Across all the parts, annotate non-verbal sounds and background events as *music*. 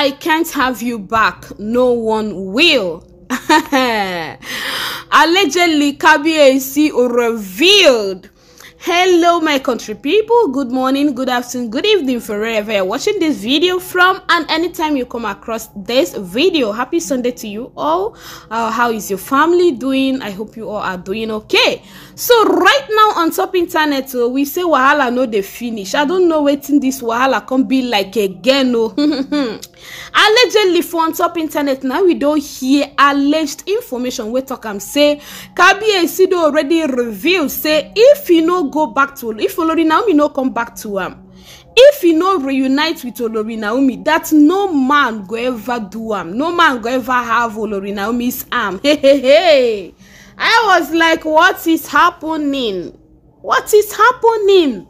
I can't have you back. No one will. *laughs* Allegedly, AC revealed. Hello, my country people. Good morning, good afternoon, good evening for wherever you're watching this video from. And anytime you come across this video, happy Sunday to you all. Uh, how is your family doing? I hope you all are doing okay. So right now on top internet, uh, we say Wahala no they finish. I don't know waiting this Wahala can be like again. Oh. *laughs* allegedly for on top internet now we don hear alleged information wey talk am say kabiyesi don already reveal say if he no go back to if olori naomi no come back to am if he no reunite with olori naomi that no man go ever do am no man go ever have olori naomi's arm *laughs* hey, hey, hey. i was like what is happening what is happening.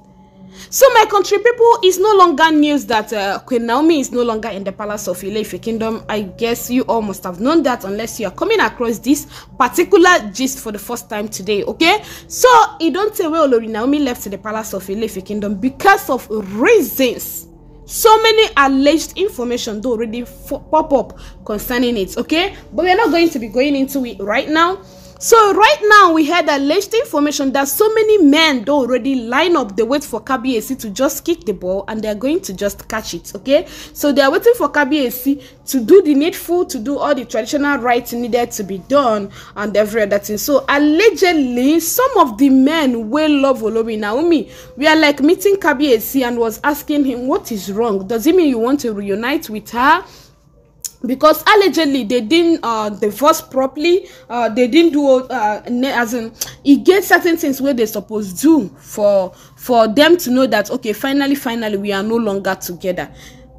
So, my country people, it's no longer news that uh, Queen Naomi is no longer in the palace of Ileife Kingdom. I guess you all must have known that unless you are coming across this particular gist for the first time today, okay? So, it don't say where Olori Naomi left the palace of Ileife Kingdom because of reasons so many alleged information do already pop up concerning it okay but we are not going to be going into it right now So right now we had alleged information that so many men they already line up, they wait for KBAC to just kick the ball and they're going to just catch it. Okay, so they are waiting for KBAC to do the needful, to do all the traditional rites needed to be done and every other thing. So allegedly, some of the men will love Olobi Naomi. We are like meeting KBAC and was asking him what is wrong. Does it mean you want to reunite with her? because allegedly they didn't uh, divorce properly uh, they didn't do uh, as in e get certain things wey they suppose do for for them to know that okay finally finally we are no longer together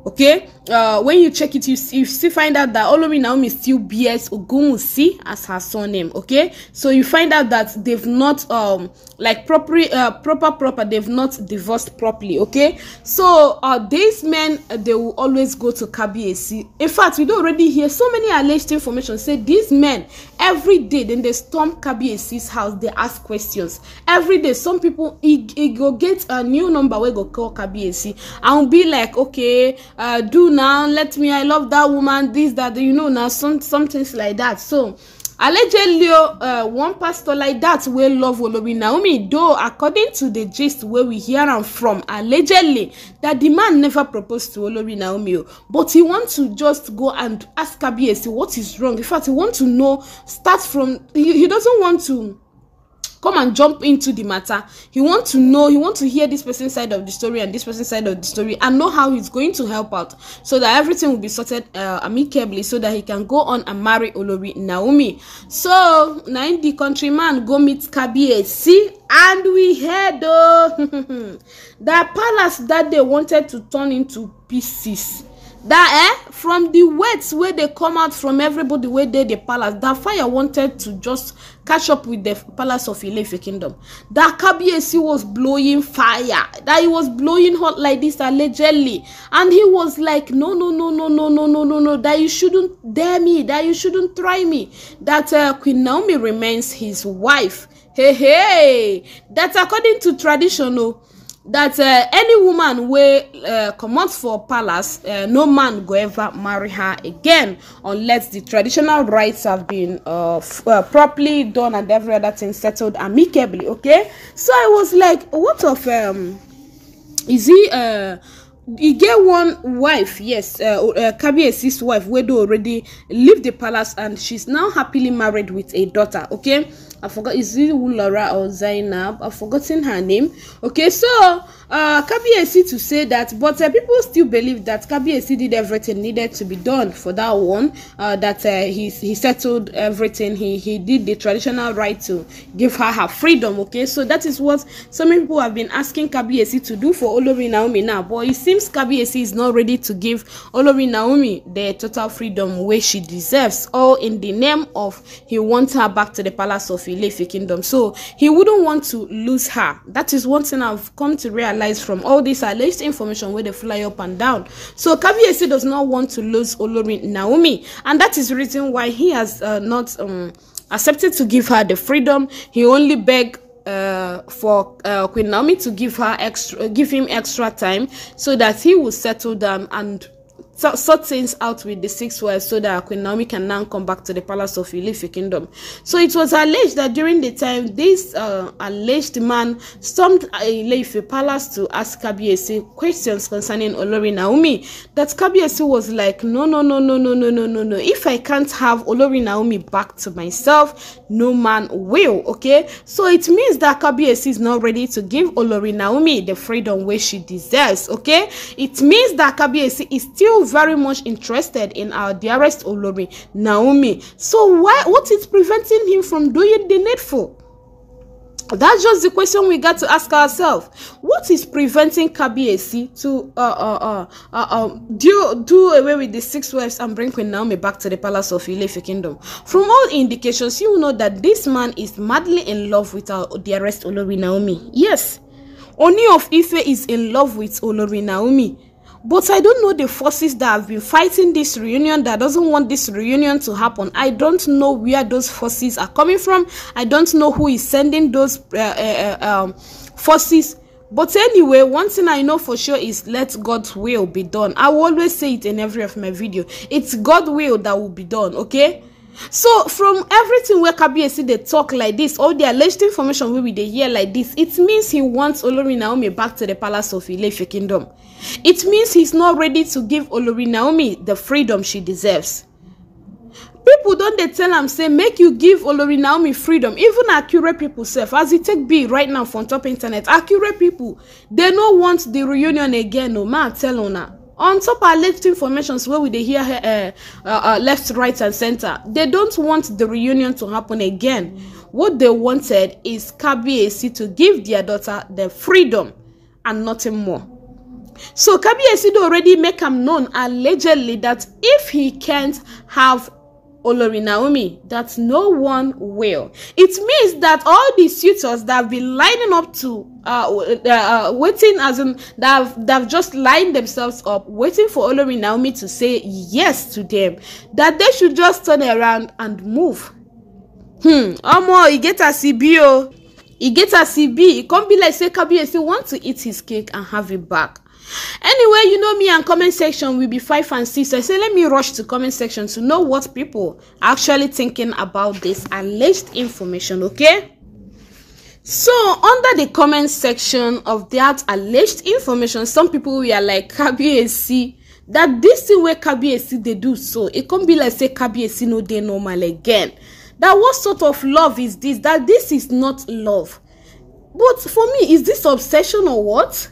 okay uh, when you check it, you, you still find out that Olomi Naomi still bears Ogunwusi as her surname. Okay, so you find out that they've not um like proper uh, proper proper they've not divorced properly. Okay, so uh, these men uh, they will always go to Kabiesi. In fact, we don't already hear so many alleged information. Say these men every day then they storm Kabiesi's house. They ask questions every day. Some people it, it go get a new number where go call Kabiesi and be like, okay, uh, do now let me i love that woman this that you know now some some things like that so allegedly oh, uh, one pastor like that wey love Olori Naomi though according to the gist wey we hear am from allegedly that the man never propose to Olori Naomi o oh. but he want to just go and ask Kabiyesi what is wrong in fact he want to know start from he, he doesn't want to come and jump into the matter He want to know He want to hear this person's side of the story and this person's side of the story and know how he's going to help out so that everything will be sorted uh, amicably so that he can go on and marry olori naomi so na him the countryman go meet kabiyesi and we heard o oh, *laughs* that palace that they wanted to turn into pieces that eh from the words wey dey come out from everybody wey dey the palace that fire wanted to just catch up with the palace of ilefe kingdom that kabiyesi was blowing fire that he was blowing hot like this allegedly and he was like no no no no no no no no no that you shouldn't dare me that you shouldn't try me that uh, queen naomi remains his wife hey hey that according to tradition o. Oh, that uh, any woman wey uh, comot for palace uh, no man go ever marry her again unless the traditional rites have been uh, uh, properly done and every other thing settled amicably okay so i was like what of um, is he uh, e get one wife yes uh, uh, kabiyesi's wife wey don already leave the palace and she's now happily married with a daughter okay I forgot is it Laura or Zainab? I've forgotten her name. Okay, so uh, to say that, but uh, people still believe that Kabiesi did everything needed to be done for that one. Uh, that uh, he he settled everything. He he did the traditional right to give her her freedom. Okay, so that is what some people have been asking Kabiesi to do for Olori Naomi now. But it seems Kabiesi is not ready to give Olori Naomi the total freedom where she deserves, all in the name of he wants her back to the palace of Ilefi Kingdom. So he wouldn't want to lose her. That is one thing I've come to realize realize from all this alleged information where they fly up and down so kabiyesi does not want to lose olori naomi and that is the reason why he has uh, not um, accepted to give her the freedom he only begged uh, for uh, Queen Naomi to give her extra, give him extra time so that he will settle down and so, sort things out with the six wives so that Queen Naomi can now come back to the palace of Ilife kingdom. So it was alleged that during the time, this uh, alleged man stormed Ilife palace to ask Kabiesi questions concerning Olori Naomi. That Kabiesi was like, no, no, no, no, no, no, no, no, no. If I can't have Olori Naomi back to myself, no man will, okay? So it means that Kabiesi is not ready to give Olori Naomi the freedom where she deserves, okay? It means that Kabiesi is still very much interested in our dearest Olori, Naomi. So why what is preventing him from doing the needful? That's just the question we got to ask ourselves. What is preventing Kabiesi to uh, uh, uh, uh, do, do away with the six wives and bring Queen Naomi back to the palace of Ilefe kingdom? From all indications, you know that this man is madly in love with our dearest Olori Naomi. Yes, Oni of Ife is in love with Olori Naomi. But I don't know the forces that have been fighting this reunion that doesn't want this reunion to happen. I don't know where those forces are coming from. I don't know who is sending those uh, uh, uh um, forces. But anyway, one thing I know for sure is let God's will be done. I will always say it in every of my video. It's God's will that will be done, okay? so from everything wey kabiyesi dey talk like this all the alleged information wey we dey hear like this it means he wants olori naomi back to the palace of ileife kingdom it means he's not ready to give olori naomi the freedom she deserves People don dey tell am say make you give olori naomi freedom even accurate people sef as e take be right now for top internet accurate people dey no want the reunion again o ma tell una on top our left informations wey we dey hear eh, eh, uh, uh, left right and center they don't want the reunion to happen again what they wanted is kabiyesi to give their daughter the freedom and nothing more so kabiyesi don already make am known allegedly that if he can't have Olori Naomi that no one will. It means that all the suitors that have been lining up to uh, uh, uh waiting as in that that just lined themselves up waiting for Olori Naomi to say yes to them that they should just turn around and move. Hmm, get ìgẹ́ta sí bí o. It gets as it be. It can't be like say Kabiyesi want to eat his cake and have it back. Anyway, you know me and comment section will be five and six. I say let me rush to comment section to know what people are actually thinking about this alleged information, okay? So under the comment section of that alleged information, some people were like Kabiyesi that this thing where Kabiyesi they do so, it can't be like say Kabiyesi no day normal again. that what sort of love is this that this is not love but for me is this obsession or what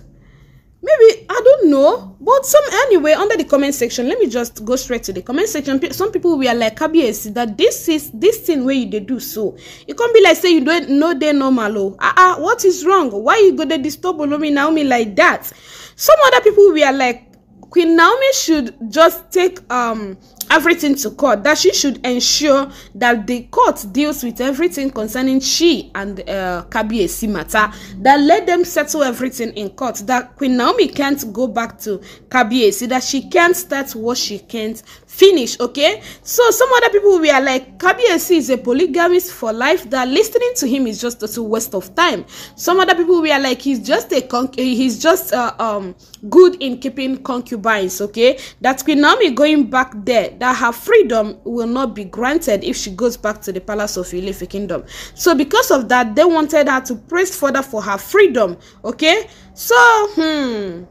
maybe i don't know but some anyway under the comment section let me just go straight to the comment section some people were like kbs that this is this thing where you they do so it can't be like say you don't know they normal oh uh, uh what is wrong why you go to disturb me naomi like that some other people were like Queen Naomi should just take um, everything to court, that she should ensure that the court deals with everything concerning she and uh, Kabiesi matter, that let them settle everything in court, that Queen Naomi can't go back to Kabiesi, that she can't start what she can't finish okay so some other people are like kabiesi is a polygamist for life that listening to him is just a waste of time some other people are like he's just a he's just uh, um good in keeping concubines okay that queen naomi going back there that her freedom will not be granted if she goes back to the palace of Ilefe kingdom so because of that they wanted her to press further for her freedom okay so hmm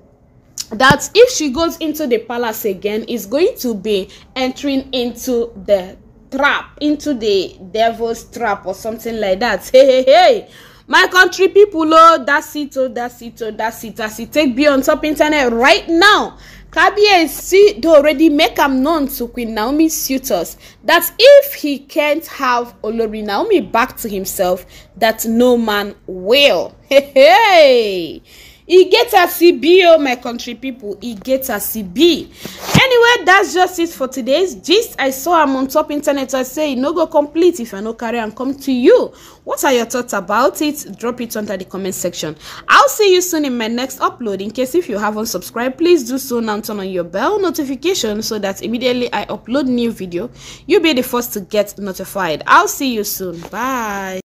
that if she goes into the palace again is going to be entering into the trap into the devil's trap or something like that *laughs* hey hey hey my country people oh that's it oh that's it oh that's it as it. take be on top internet right now kabiyesi don already make am known to queen naomi suitors that if he can't have olori naomi back to himself that no man will *laughs* hey hey e get as e be oh my country people. e get as e be anyway that's just it for today's gist i saw am on top internet i say e no go complete if i no carry am come to you what are your thoughts about it drop it under the comment section i'll see you soon in my next upload in case if you haven't subscribed please do so now turn on your bell notification so that immediately i upload new video you'll be the first to get notified i'll see you soon bye